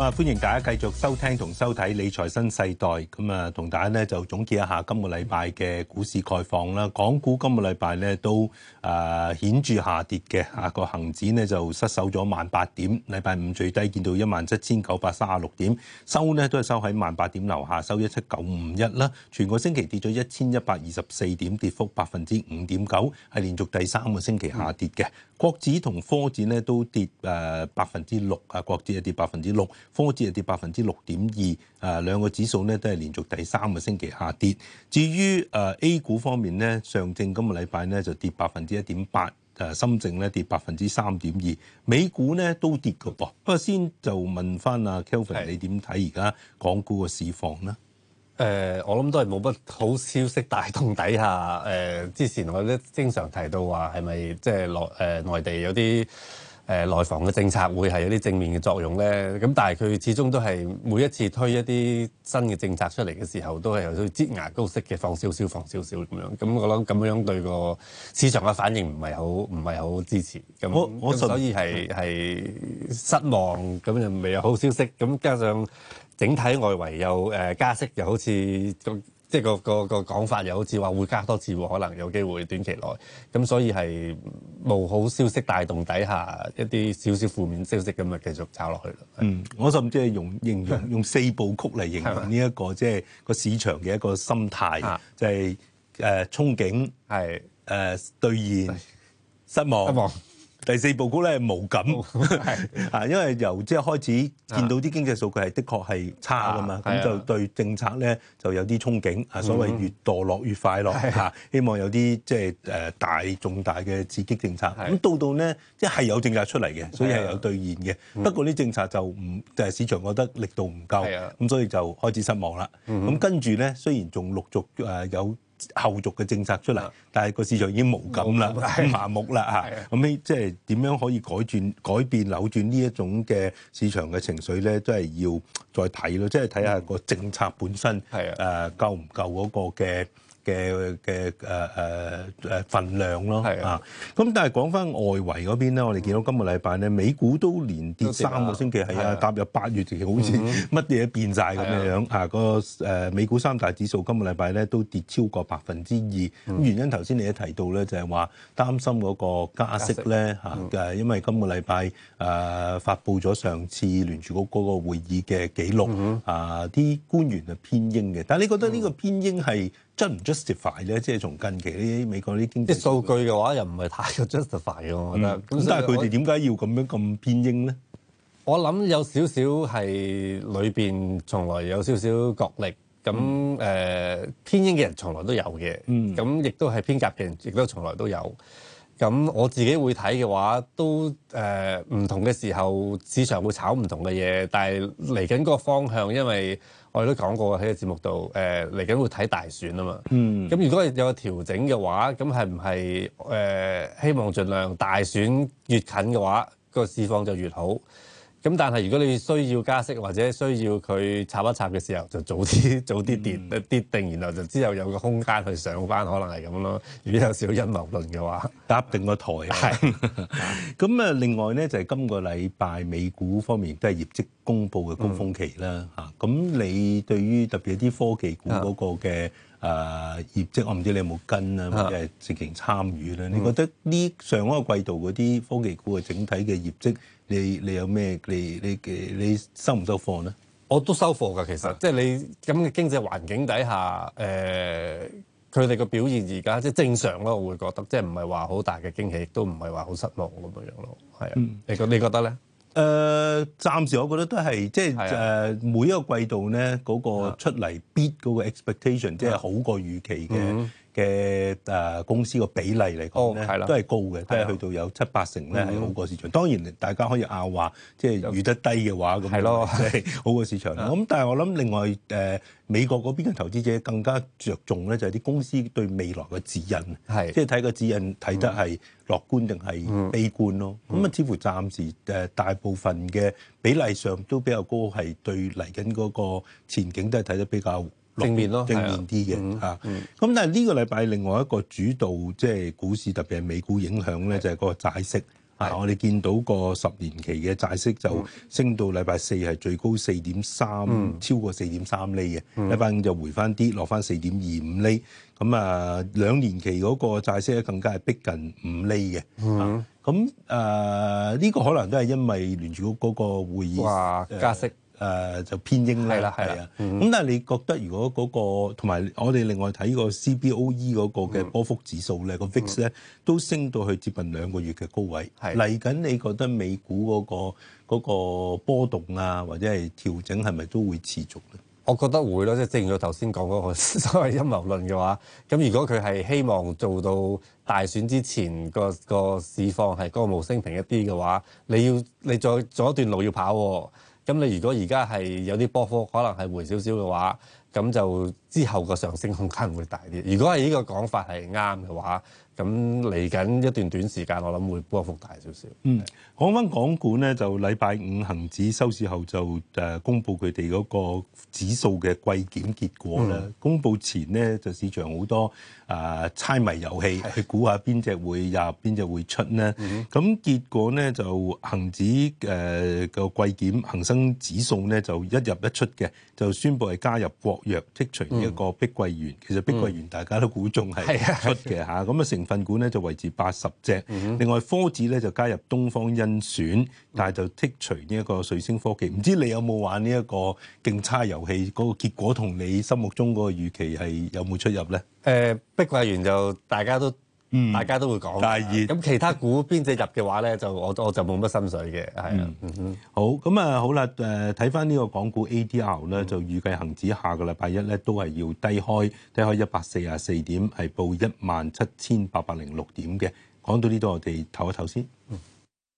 啊！歡迎大家繼續收聽同收睇《理財新世代》。咁啊，同大家咧就總結一下今個禮拜嘅股市概況啦。港股今個禮拜咧都啊顯著下跌嘅。啊個恒指咧就失守咗萬八點，禮拜五最低見到一萬七千九百三十六點，收咧都係收喺萬八點樓下，收一七九五一啦。全個星期跌咗一千一百二十四點，跌幅百分之五點九，係連續第三個星期下跌嘅。國指同科指咧都跌誒百分之六啊，國指係跌百分之六。科指啊跌百分之六點二，啊兩個指數咧都係連續第三個星期下跌。至於誒 A 股方面咧，上證今個禮拜咧就跌百分之一點八，誒深證咧跌百分之三點二，美股咧都跌嘅噃。不過先就問翻阿 Kelvin，你點睇而家港股嘅市況呢？誒、呃，我諗都係冇乜好消息帶動底下誒、呃，之前我都經常提到話係咪即係內誒內地有啲。誒內房嘅政策會係有啲正面嘅作用咧，咁但係佢始終都係每一次推一啲新嘅政策出嚟嘅時候，都係有啲擠牙膏式嘅放少少，放少少咁樣。咁我諗咁樣樣對個市場嘅反應唔係好，唔係好支持。咁我我所以係係失望，咁就未有好消息。咁加上整體外圍又誒加息，又好似咁。即係個個個講法又好似話會加多次，可能有機會短期內咁，所以係冇好消息帶動底下一啲少少負面消息咁啊，繼續炒落去啦。嗯，我甚至係用形容用，用四部曲嚟形容呢一個嗎即係個市場嘅一個心態，就係誒憧憬，係誒兌現的失望。失望第四步估咧無感，啊，因為由即係開始見到啲經濟數據，係的確係差噶嘛，咁就對政策咧就有啲憧憬，啊、嗯，所謂越墮落越快樂，嗯、希望有啲即係大重大嘅刺激政策。咁、嗯、到到咧即係有政策出嚟嘅，所以係有兌現嘅。嗯、不過啲政策就唔就係、市場覺得力度唔夠，咁、嗯、所以就開始失望啦。咁、嗯、跟住咧雖然仲陸續有。後續嘅政策出嚟，但係個市場已經無感啦，是麻木啦嚇。咁你 的即係點樣可以改轉，改變，扭轉呢一種嘅市場嘅情緒咧？都係要再睇咯，即係睇下個政策本身誒夠唔夠嗰個嘅。嘅嘅誒誒誒份量咯的啊！咁但係講翻外圍嗰邊咧，我哋見到今個禮拜咧，美股都連跌三個星期，係啊，的踏入八月期好似乜嘢變曬咁嘅樣的啊！個誒、呃、美股三大指數今個禮拜咧都跌超過百分之二，的原因頭先你一提到咧，就係、係、話擔心嗰個加息咧嚇嘅，因為今個禮拜誒發布咗上次聯儲局嗰個會議嘅記錄的啊，啲官員係偏鷹嘅，但係你覺得呢個偏鷹係？justify 咧，即係從近期呢啲美國啲經濟，啲數據嘅話又唔係太過 justify 嘅，我覺得。咁、嗯、但係佢哋點解要咁樣咁偏鷹咧？鷹呢我諗有少少係裏邊從來有少少角力，咁誒偏鷹嘅人從來都有嘅，咁亦都係偏鴿嘅人亦都從來都有。咁我自己會睇嘅話，都誒唔、呃、同嘅時候市場會炒唔同嘅嘢，但係嚟緊個方向，因為我哋都講過喺個節目度誒嚟緊會睇大選啊嘛。嗯。咁如果係有個調整嘅話，咁係唔係誒希望盡量大選越近嘅話，個市況就越好？咁但係如果你需要加息或者需要佢插一插嘅時候，就早啲早啲跌一跌定，然後就之後有個空間去上翻，可能係咁咯。如果有少少陰謀論嘅話，搭定個台。咁啊 是的， 另外咧就係、是、今個禮拜美股方面亦都係業績。公布嘅高峰期啦吓，咁你對於特別啲科技股嗰個嘅誒業績，我唔知你有冇跟啊，或者直情參與咧？你覺得呢上一個季度嗰啲科技股嘅整體嘅業績，你你有咩？你你你收唔收貨咧？我都收貨㗎，其實即係你咁嘅經濟環境底下，誒佢哋嘅表現而家即係正常咯，我會覺得即係唔係話好大嘅驚喜，亦都唔係話好失望咁樣樣咯。係啊，你覺你覺得咧？誒、呃，暫時我覺得都係即係誒是、啊呃，每一個季度咧嗰、那個出嚟 beat 嗰個 expectation，即係好過預期嘅，嘅誒公司個比例嚟講咧，哦、係都係高嘅，都係去到有七八成咧係好過市場。嗯、當然大家可以拗、就是、話，即係預得低嘅話咁，即係好過市場。咁的、嗯、但係我諗另外誒、呃、美國嗰邊嘅投資者更加着重咧，就係、係、啲公司對未來嘅指引，即係睇個指引睇得係樂觀定係悲觀咯。咁啊、嗯，嗯、似乎暫時誒大部分嘅比例上都比較高，係對嚟緊嗰個前景都係睇得比較正面咯，正面啲嘅嚇。咁但係呢個禮拜另外一個主導，即係、就是、股市，特別係美股影響咧，就係嗰個債息的、啊、我哋見到個十年期嘅債息就升到禮拜四係最高四點三，超過四點三厘嘅。禮拜、嗯、五就回翻啲，落翻四點二五厘。咁啊，兩年期嗰個債息咧更加係逼近五厘嘅。咁誒呢個可能都係因為聯儲局嗰個會議。加息。呃誒、呃、就偏英啦，係啦，係啊。咁、嗯、但係你覺得如果嗰、嗰個同埋我哋另外睇個 CBOE 嗰個嘅波幅指數咧，個 VIX 咧都升到去接近兩個月嘅高位。嚟緊是的 你覺得美股嗰、嗰個那個波動啊，或者係調整係咪都會持續咧？我覺得會咯，即係正如我頭先講嗰個所謂陰謀論嘅話。咁如果佢係希望做到大選之前個、嗰個市況係嗰個無升平一啲嘅話，你要你再做，做一段路要跑、啊。咁你如果而家係有啲波幅，可能係回少少嘅話。咁就之後個上升空間會大啲。如果係呢個講法係啱嘅話，咁嚟緊一段短時間，我諗會波幅大少少。嗯，講翻港股咧，就禮拜五恒指收市後就公佈佢哋嗰個指數嘅季檢結果咧。嗯、公佈前呢，就市場好多啊、呃、猜謎遊戲，去是的 估下邊隻會入，邊隻會出呢咁、嗯、結果呢，就恒指誒個季檢恒生指數咧就一入一出嘅，就宣布係加入國剔除呢一個碧桂園，其實碧桂園大家都估中係出嘅嚇，咁啊、嗯、成分股咧就維持八十隻，嗯、另外科指咧就加入東方甄選，但係就剔除呢一個瑞星科技。唔知你有冇玩呢一個競猜遊戲？嗰、那個結果同你心目中嗰個預期係有冇出入咧？誒、呃，碧桂園就大家都。嗯，大家都會講。第二，咁其他股邊隻入嘅話咧，就我我就冇乜心水嘅，係啊、嗯嗯哼。好，咁啊好啦，誒睇翻呢個港股 ADR 咧，嗯、就預計恒指下個禮拜一咧都係要低開，低開一百四十四點，係報一萬七千八百零六點嘅。講到呢度，我哋唞一唞先。嗯